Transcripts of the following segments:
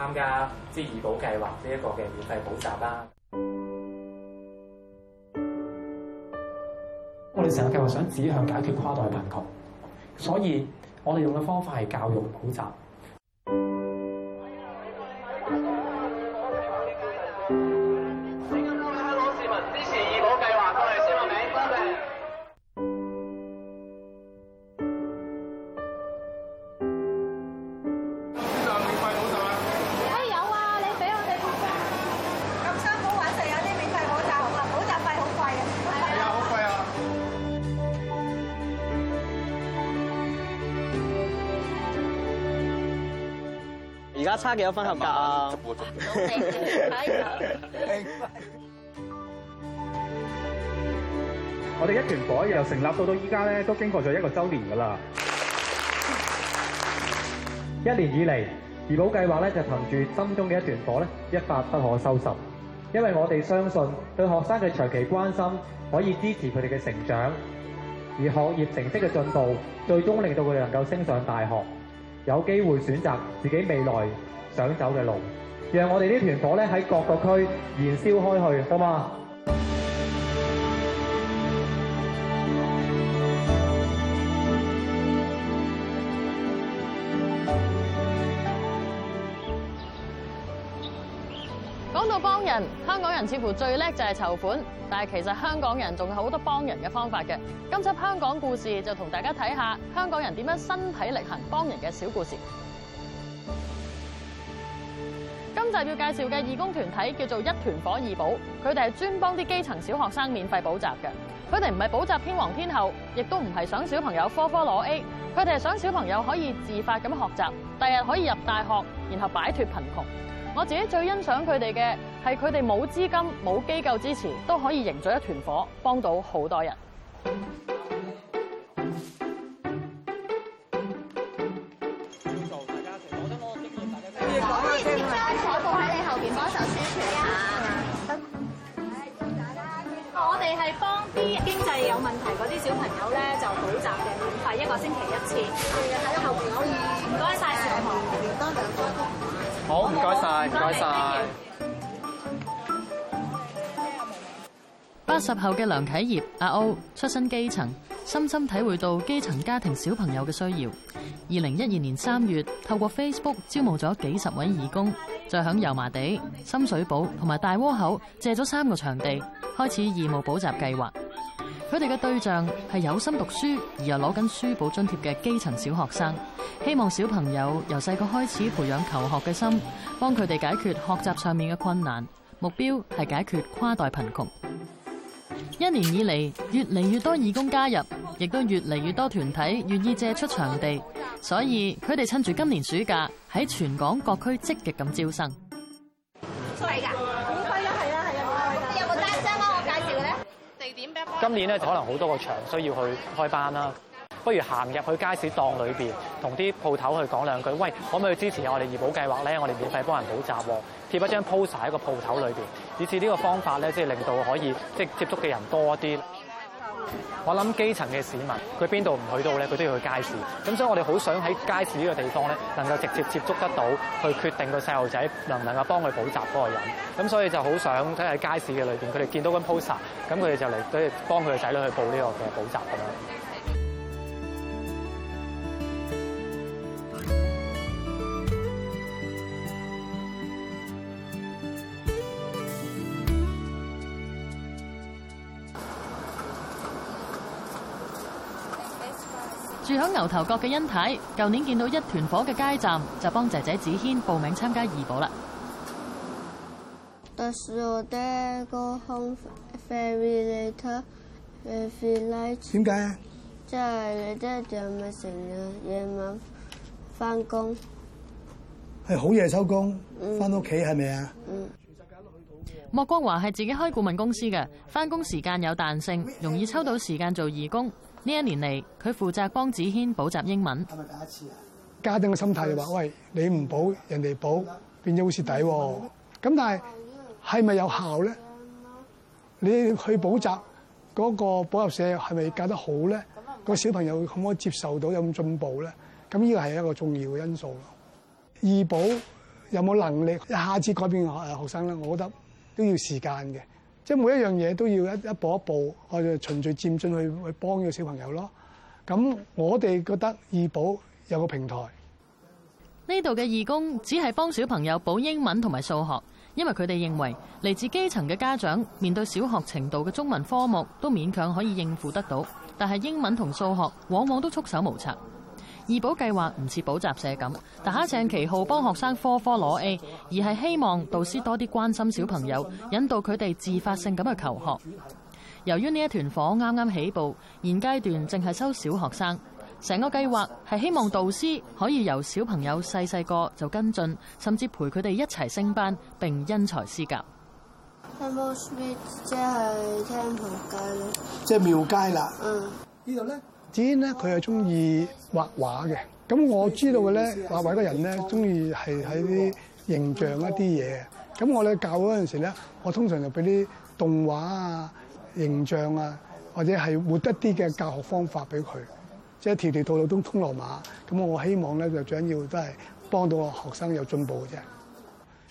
參加即係義補計劃呢一個嘅免費補習啦、啊。我哋成個計劃想指向解決跨代貧窮，所以我哋用嘅方法係教育補習。而家差幾多分合格啊？我哋一團火由成立到到依家咧，都經過咗一個週年噶啦。一年以嚟，義補計劃咧就憑住心中嘅一團火咧，一發不可收拾。因為我哋相信，對學生嘅長期關心可以支持佢哋嘅成長，而學業成績嘅進步，最終令到佢哋能夠升上大學。有機會選擇自己未來想走嘅路，讓我哋呢團火呢喺各個區燃燒開去，好嘛？幫人，香港人似乎最叻就係籌款，但係其實香港人仲有好多幫人嘅方法嘅。今集香港故事就同大家睇下香港人點樣身體力行幫人嘅小故事。 今集要介紹嘅義工團體叫做一團火義補，佢哋係專幫啲基層小學生免費補習嘅。佢哋唔係補習天王天后，亦都唔係想小朋友科科攞 A，佢哋係想小朋友可以自發咁學習，第日可以入大學，然後擺脫貧窮。我自己最欣賞佢哋嘅係佢哋冇資金、冇機構支持，都可以營造一團火，幫到好多人。大家，可以喺你後邊幫手宣傳。我哋係幫啲經濟有問題嗰啲小朋友咧，就補習嘅免費，一個星期一次。睇後邊可以。唔該晒，小好，唔該晒，唔該晒。八十後嘅梁啟業阿歐，出身基層，深深體會到基層家庭小朋友嘅需要。二零一二年三月，透過 Facebook 招募咗幾十位義工，就喺油麻地、深水埗同埋大窩口借咗三個場地，開始義務補習計劃。佢哋嘅對象係有心讀書而又攞緊書簿津貼嘅基層小學生，希望小朋友由細個開始培養求學嘅心，幫佢哋解決學習上面嘅困難，目標係解決跨代貧窮。一年以嚟，越嚟越多義工加入，亦都越嚟越多團體願意借出場地，所以佢哋趁住今年暑假喺全港各區積極咁招生。噶。今年咧就可能好多個場需要去開班啦，不如行入去街市檔裏面，同啲鋪頭去講兩句，喂，可唔可以支持我哋義補計劃咧？我哋免費幫人補習，貼一張 poster 喺個鋪頭裏面。」以至呢個方法咧，即係令到可以即係接觸嘅人多一啲。我諗基層嘅市民，佢邊度唔去到咧，佢都要去街市。咁所以我哋好想喺街市呢個地方咧，能夠直接接觸得到，去決定個細路仔能唔能夠幫佢補習嗰個人。咁所以就好想睇喺街市嘅裏邊，佢哋見到張 poster，咁佢哋就嚟，即幫佢嘅仔女去報呢個嘅補習咁樣。住喺牛頭角嘅恩太，舊年見到一團火嘅街站，就幫姐姐梓軒報名參加義補啦。點解啊？即係你爹哋就咪成日夜晚返工，係好夜收工，返屋企係咪啊？莫光華係自己開顧問公司嘅，返工時間有彈性，容易抽到時間做義工。呢一年嚟，佢負責幫子軒補習英文。係咪第一次啊？家長嘅心態就話，是，喂，你唔補，人哋補，變咗好蝕底喎。咁但係係咪有效咧？你去補習嗰個補習社係咪教得好咧？個小朋友可唔可以接受到有咁進步咧？咁呢個係一個重要嘅因素。二補有冇能力一下子改變誒學生咧？我覺得都要時間嘅。即每一樣嘢都要一一步一步，我哋循序漸進去去幫個小朋友咯。咁我哋覺得義補有個平台。呢度嘅義工只係幫小朋友補英文同埋數學，因為佢哋認為嚟自基層嘅家長面對小學程度嘅中文科目都勉強可以應付得到，但係英文同數學往往都束手無策。二保計劃唔似補習社咁，打上旗號幫學生科科攞 A，而係希望導師多啲關心小朋友，引導佢哋自發性咁去求學。由於呢一團火啱啱起步，現階段淨係收小學生，成個計劃係希望導師可以由小朋友細細個就跟進，甚至陪佢哋一齊升班，並因材施教。先咧，佢係中意畫畫嘅。咁我知道嘅咧，畫畫嗰人咧，中意係喺啲形象一啲嘢。咁我咧教嗰陣時咧，我通常就俾啲動畫啊、形象啊，或者係活得啲嘅教學方法俾佢，即係條條道路都通羅馬。咁我希望咧，就最緊要都係幫到個學生有進步嘅啫。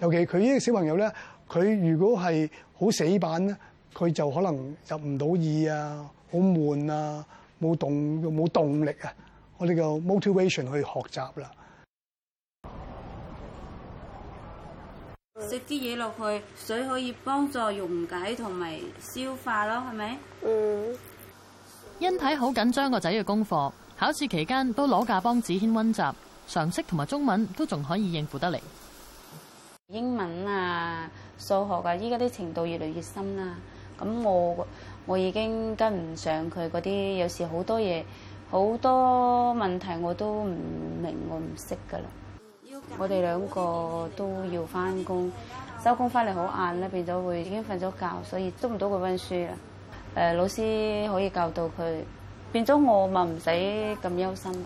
尤其佢呢啲小朋友咧，佢如果係好死板咧，佢就可能入唔到意啊，好悶啊。冇動冇動力啊！我哋個 motivation 去學習啦。食啲嘢落去，水可以幫助溶解同埋消化咯，係咪？嗯。欣睇好緊張個仔嘅功課，考試期間都攞假幫子軒温習，常識同埋中文都仲可以應付得嚟。英文啊，數學啊，依家啲程度越來越深啦、啊。咁我。我已經跟唔上佢嗰啲，有時好多嘢，好多問題我都唔明，我唔識噶啦。我哋兩個都要翻工，收工翻嚟好晏咧，變咗會已經瞓咗覺，所以捉唔到佢温書啊。誒，老師可以教導佢，變咗我咪唔使咁憂心。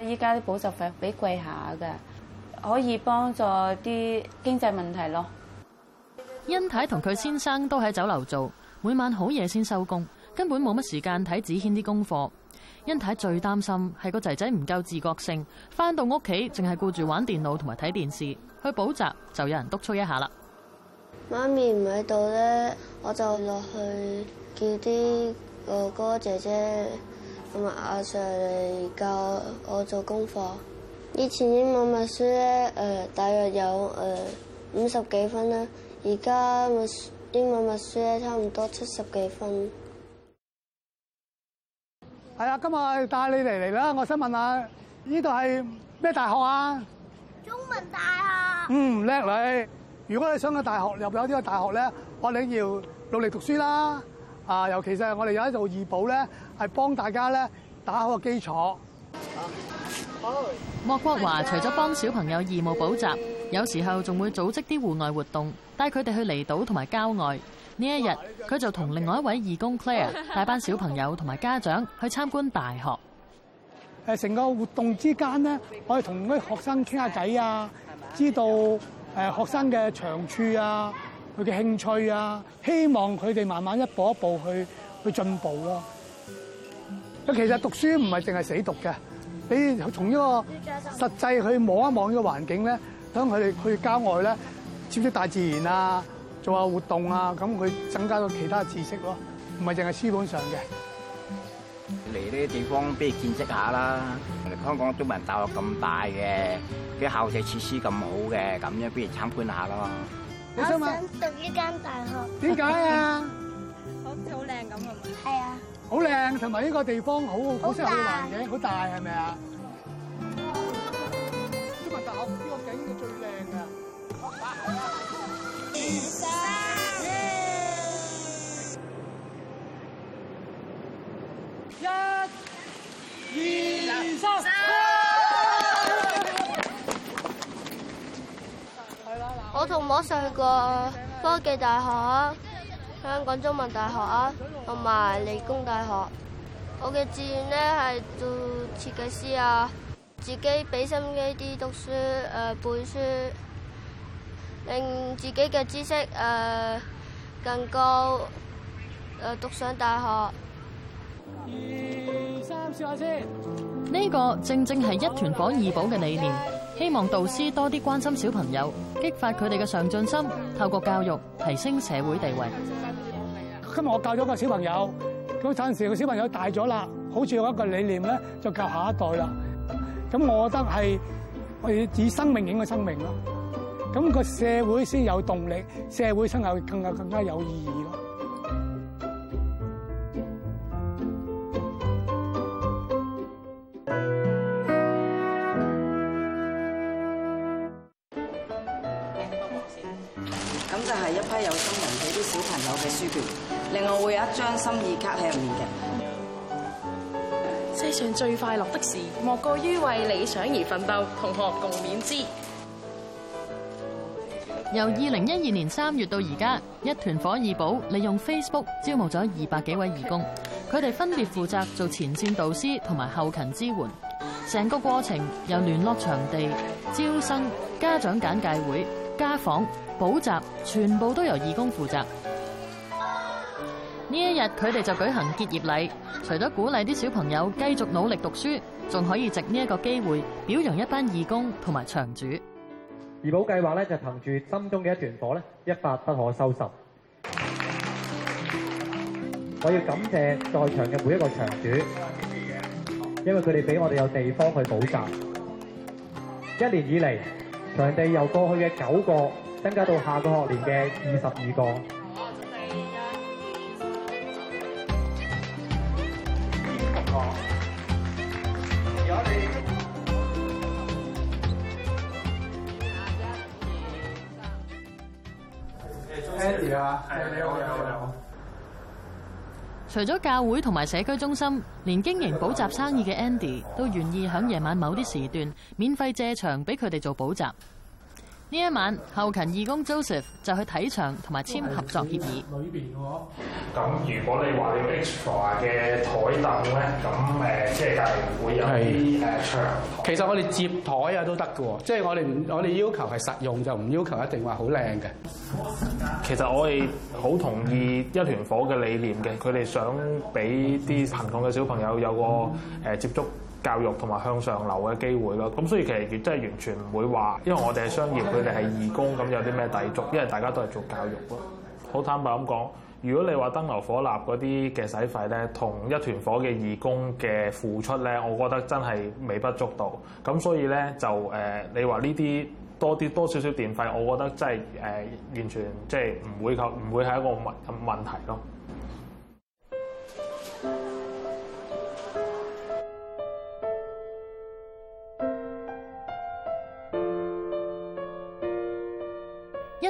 依家啲補習費比貴下噶，可以幫助啲經濟問題咯。恩太同佢先生都喺酒樓做。每晚好夜先收工，根本冇乜時間睇梓軒啲功課。欣太最擔心係個仔仔唔夠自覺性，返到屋企淨係顧住玩電腦同埋睇電視。去補習就有人督促一下啦。媽咪唔喺度呢，我就落去叫啲哥哥姐姐同埋阿 Sir 嚟教我做功課。以前英文默書呢，誒大約有誒五十幾分啦，而家我。英文默書咧，差唔多七十幾分。係啊，今日帶你嚟嚟啦，我想問下，呢度係咩大學啊？中文大學。嗯，叻你。如果你想去大學，又有呢個大學咧，我哋要努力讀書啦。啊，尤其是我哋有一套義補咧，係幫大家咧打好個基礎。莫國華除咗幫小朋友義務補習，有時候仲會組織啲戶外活動，帶佢哋去離島同埋郊外。呢一日佢就同另外一位義工 Claire 帶班小朋友同埋家長去參觀大學。誒，成個活動之間咧，我哋同啲學生傾下偈啊，知道誒學生嘅長處啊，佢嘅興趣啊，希望佢哋慢慢一步一步去去進步咯。咁其實讀書唔係淨係死讀嘅，你從呢個實際去望一望呢個環境咧。等佢哋去郊外咧，接觸大自然啊，做下活動啊，咁佢增加到其他知識咯，唔係淨係書本上嘅。嚟呢啲地方不如見識下啦，嚟香港中文大學咁大嘅，啲校舍設施咁好嘅，咁樣不如參觀下咯。你想唔想讀呢間大學？點解啊？好似好靚咁係嘛？係啊。好靚同埋呢個地方好好適合去玩嘅環境，好大係咪啊？三 Yeah. 一、二、三，我同我上去過科技大學啊、香港中文大學啊、同埋理工大學。我嘅志願呢係做設計師啊，自己俾心機啲讀書誒、呃，背書。令自己嘅知識誒更高，誒讀上大學。二三，試下先。呢個正正係一團火義補嘅理念，希望導師多啲關心小朋友，激發佢哋嘅上進心，透過教育提升社會地位。今日我教咗個小朋友，咁暫時個小朋友大咗啦，好似有一個理念咧，就教下一代啦。咁我覺得係，我哋以生命影響生命咯。咁個社會先有動力，社會生活更加更加有意義咯。咁就係一批有心人俾啲小朋友嘅書卷，另外會有一張心意卡喺入面嘅。嗯。世上最快樂的事，莫過於為理想而奮鬥，同學共勉之。由二零一二年三月到而家，一團火義補利用 Facebook 招募咗二百幾位義工，佢哋分別負責做前線導師同埋後勤支援。成個過程由聯絡場地、招生、家長簡介會、家訪、補習，全部都由義工負責。呢一日佢哋就舉行結業禮，除咗鼓勵啲小朋友繼續努力讀書，仲可以藉呢一個機會表揚一班義工同埋場主。義補計劃咧就憑住心中嘅一團火咧，一發不可收拾。我要感謝在場嘅每一個場主，因為佢哋俾我哋有地方去補習。一年以嚟，場地由過去嘅九個增加到下個學年嘅二十二個。Andy 啊，係。你好，你好你好。除咗教會同埋社區中心，連經營補習生意嘅 Andy 都願意響夜晚某啲時段免費借場俾佢哋做補習。呢一晚，後勤義工 Joseph 就去體場同埋簽合作協議。裏邊嘅嗬，咁如果你話 t r a 嘅台凳咧，咁誒即係會有啲誒長。其實我哋接台啊都得嘅，即、就、係、是、我哋唔我哋要求係實用就唔要求一定話好靚嘅。其實我哋好同意一團伙嘅理念嘅，佢哋想俾啲貧窮嘅小朋友有個誒接觸。嗯嗯教育同埋向上流嘅機會咯，咁所以其實真係完全唔會話，因為我哋係商業，佢哋係義工咁，有啲咩抵觸？因為大家都係做教育咯。好坦白咁講，如果你話燈油火蠟嗰啲嘅使費咧，同一團火嘅義工嘅付出咧，我覺得真係微不足道。咁所以咧就誒，你話呢啲多啲多少少電費，我覺得真係誒完全即係唔會及唔會係一個問問題咯。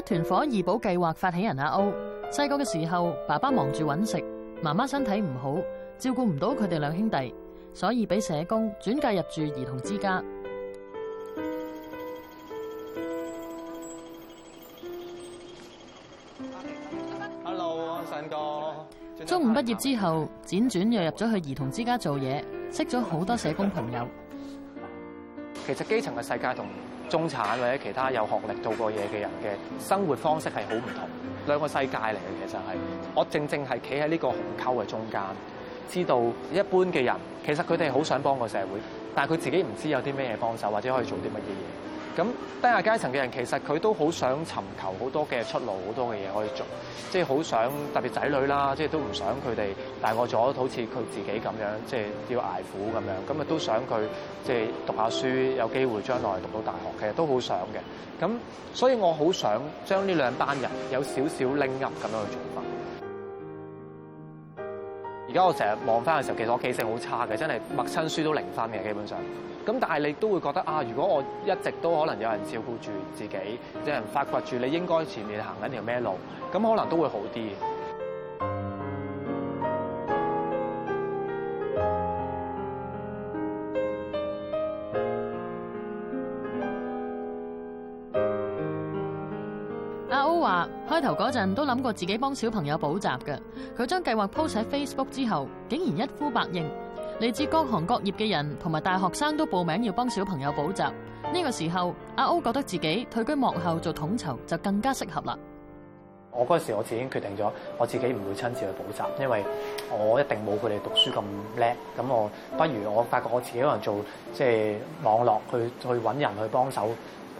一團火義補計劃發起人阿歐，細個嘅時候，爸爸忙住揾食，媽媽身體唔好，照顧唔到佢哋兩兄弟，所以俾社工轉介入住兒童之家。Hello，新哥。中五畢業之後，輾轉又入咗去兒童之家做嘢，識咗好多社工朋友。其實基層嘅世界同中產或者其他有學歷做過嘢嘅人嘅生活方式係好唔同，兩個世界嚟嘅。其實係我正正係企喺呢個鴻溝嘅中間，知道一般嘅人其實佢哋好想幫個社會，但係佢自己唔知道有啲咩嘢幫手或者可以做啲乜嘢嘢。咁低下階層嘅人其實佢都好想尋求好多嘅出路，好多嘅嘢可以做，即係好想特別仔女啦，即係都唔想佢哋大個咗好似佢自己咁樣，即係要捱苦咁樣，咁啊都想佢即係讀下書，有機會將來讀到大學，其實都好想嘅。咁所以我好想將呢兩班人有少少拎入咁樣去做法而家我成日望翻嘅時候，其實我記性好差嘅，真係默親書都零分嘅基本上。咁但係你都會覺得啊，如果我一直都可能有人照顧住自己，有人發掘住你應該前面行緊條咩路，咁可能都會好啲。開頭嗰陣都諗過自己幫小朋友補習嘅，佢將計劃鋪晒 Facebook 之後，竟然一呼百應，嚟自各行各業嘅人同埋大學生都報名要幫小朋友補習。呢個時候，阿歐覺得自己退居幕後做統籌就更加適合啦。我嗰時我自己已經決定咗，我自己唔會親自去補習，因為我一定冇佢哋讀書咁叻，咁我不如我發覺我自己可能做即係網絡去去搵人去幫手。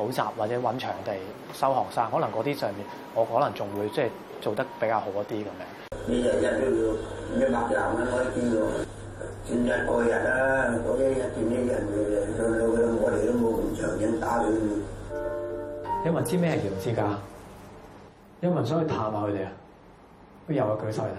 補習或者揾場地收學生，可能嗰啲上面我可能仲會即係做得比較好一啲咁樣。你日日都要一晚廿五開見我，見一個人啦，我一日見一人，我哋都冇咁長遠打，你有冇知咩叫專家？有冇人想去探下佢哋啊？又話舉手啦。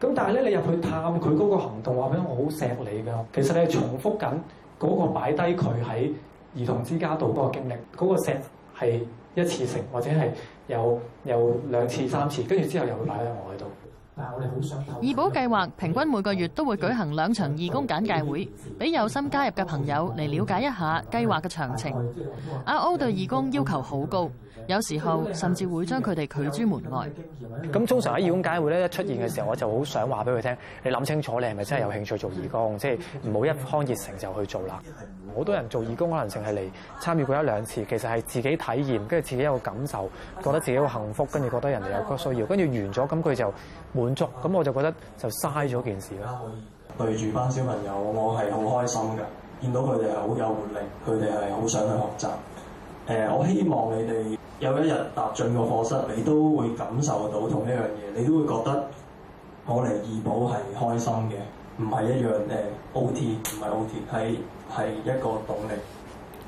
咁但係咧，你入去探佢嗰個行動，話俾我好錫你㗎。其實你係重複緊嗰個擺低佢喺。兒童之家度嗰個經歷，嗰個石係一次性或者係有有兩次、三次，跟住之後又擺喺我喺度。但係我哋好想。義補計劃平均每個月都會舉行兩場義工簡介會，俾有心加入嘅朋友嚟了解一下計劃嘅詳情。阿歐對義工要求好高。有時候甚至會將佢哋拒諸門外。咁通常喺義工解會咧，一出現嘅時候，我就好想話俾佢聽：你諗清楚，你係咪真係有興趣做義工？即係唔好一腔熱誠就去做啦。好多人做義工，可能淨係嚟參與過一兩次，其實係自己體驗，跟住自己有個感受，覺得自己好幸福，跟住覺得人哋有個需要，跟住完咗咁佢就滿足。咁我就覺得就嘥咗件事啦。對住班小朋友，我係好開心嘅，見到佢哋係好有活力，佢哋係好想去學習。誒，我希望你哋有一日踏進個課室，你都會感受到同一樣嘢，你都會覺得我嚟義補係開心嘅，唔係一樣誒 OT，唔係 OT，係係一個動力。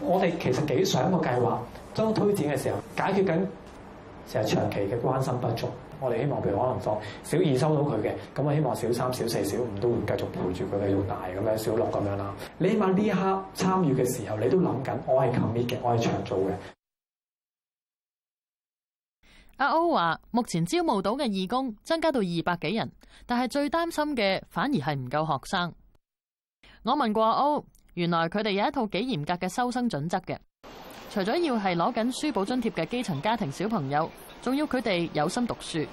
我哋其實幾想個計劃，當推展嘅時候解決緊。成日長期嘅關心不足，我哋希望譬如可能當小二收到佢嘅，咁我希望小三、小四、小五都會繼續陪住佢嘅。要大咁樣，小六咁樣啦。你起碼呢一刻參與嘅時候，你都諗緊，我係 commit 嘅，我係長做嘅。阿歐話：目前招募到嘅義工增加到二百幾人，但係最擔心嘅反而係唔夠學生。我問過阿歐，原來佢哋有一套幾嚴格嘅收生準則嘅。除咗要係攞緊書簿津貼嘅基層家庭小朋友，仲要佢哋有心讀書，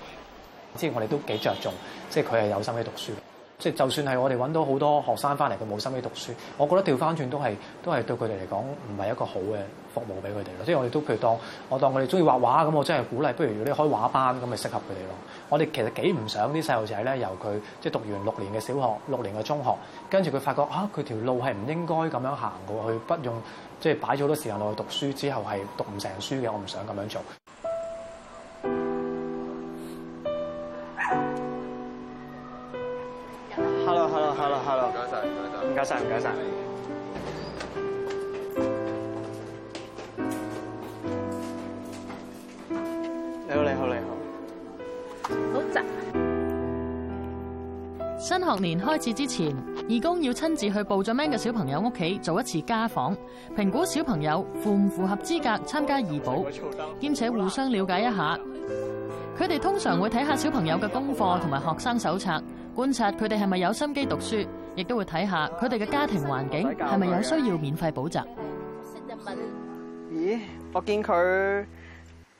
即係我哋都幾着重，即係佢係有心去讀書。即係，就算係我哋揾到好多學生翻嚟，佢冇心機讀書，我覺得調翻轉都係都係對佢哋嚟講唔係一個好嘅服務俾佢哋咯。即係我哋都譬如當我當我哋中意畫畫咁，我真係鼓勵，不如你開畫班咁咪適合佢哋咯。我哋其實幾唔想啲細路仔咧，由佢即係讀完六年嘅小學、六年嘅中學，跟住佢發覺啊佢條路係唔應該咁樣行過，佢不用即係擺咗好多時間落去讀書之後係讀唔成書嘅。我唔想咁樣做。唔，你好，你好，你好，你好，你好。新學年開始之前，義工要親自去報咗名嘅小朋友屋企做一次家訪，評估小朋友符唔符合資格參加義補，兼且互相了解一下。佢哋了通常會睇下小朋友嘅功課同埋學生手冊，觀察佢哋係咪有心機讀書。亦都會睇下佢哋嘅家庭環境係咪有需要免費補習？咦，我見佢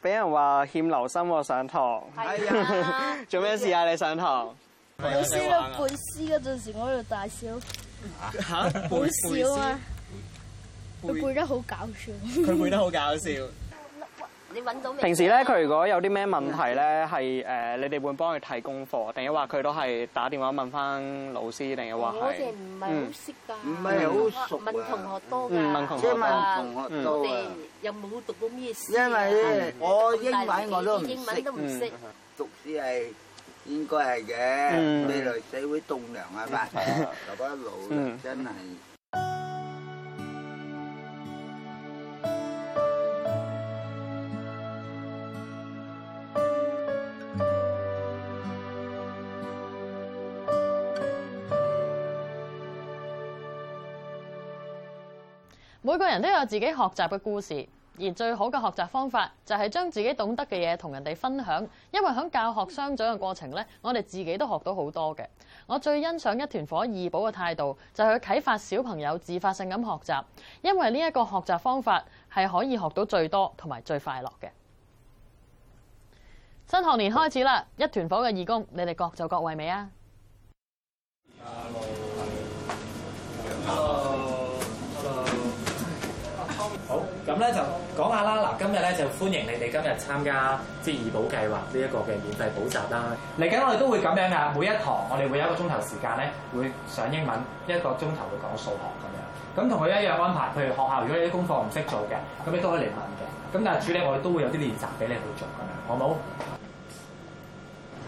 俾人話欠留心喎、哎，上、哎、堂。係、哎、做咩事啊？你上堂？老師都背詩嗰陣時，我喺度大笑。吓、啊？背詩啊？佢背，背，背，背，背得好搞笑。佢背，背，背，背，背，背得好搞笑。平時咧，佢如果有啲咩問題咧，係誒，你哋會幫佢睇功課，定係話佢都係打電話問翻老師，定係話係。好似唔係好識噶，唔係好熟啊。問同學多噶，問同學多啊，我哋又冇讀過咩書。因為咧，我英文我都唔識，讀書係應該係嘅，未來社會棟梁啊嘛，老伯老真係。每個人都有自己學習嘅故事，而最好嘅學習方法就係將自己懂得嘅嘢同人哋分享。因為喺教學相長嘅過程咧，我哋自己都學到好多嘅。我最欣賞一團火義補嘅態度，就係啟發小朋友自發性咁學習，因為呢一個學習方法係可以學到最多同埋最快樂嘅。新學年開始啦，一團火嘅義工，你哋各就各位未啊？咁咧就講下啦，嗱今日咧就歡迎你哋今日參加即係義補計劃呢一個嘅免費補習啦。嚟緊我哋都會咁樣噶，每一堂我哋會有一個鐘頭時，時間咧，會上英文一個鐘頭會講數學咁樣。咁同佢一樣安排，譬如學校如果你啲功課唔識做嘅，咁你都可以嚟問嘅。咁但係主力，我哋都會有啲練習俾你去做咁樣，好冇？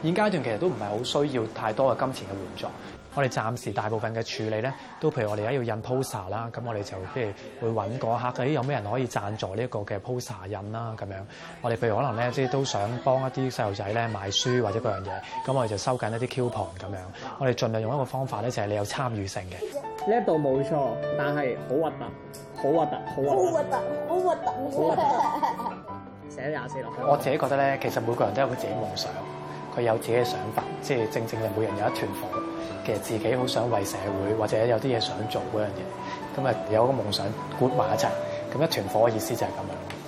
現階段其實都唔係好需要太多嘅金錢嘅援助。我哋暫時大部分嘅處理咧，都譬如我哋而家要印 poster 啦，咁我哋就即係會揾嗰客，咦有咩人可以贊助呢一個嘅 poster 印啦咁樣。我哋譬如可能咧，即係都想幫一啲細路仔咧買書或者嗰樣嘢，咁我哋就收緊一啲 coupon 咁樣。我哋盡量用一個方法咧，就係、是、你有參與性嘅呢一度冇錯，但係好核突，好核突，好核突，好核突，好核突，寫廿四落去。我自己覺得咧，其實每個人都有佢自己夢想，佢有自己嘅想法，即係正正係每人有一團火。其實自己好想為社會，或者有啲嘢想做嗰樣嘢，咁啊有個夢想攰埋一齊，咁一團火嘅意思就係咁樣。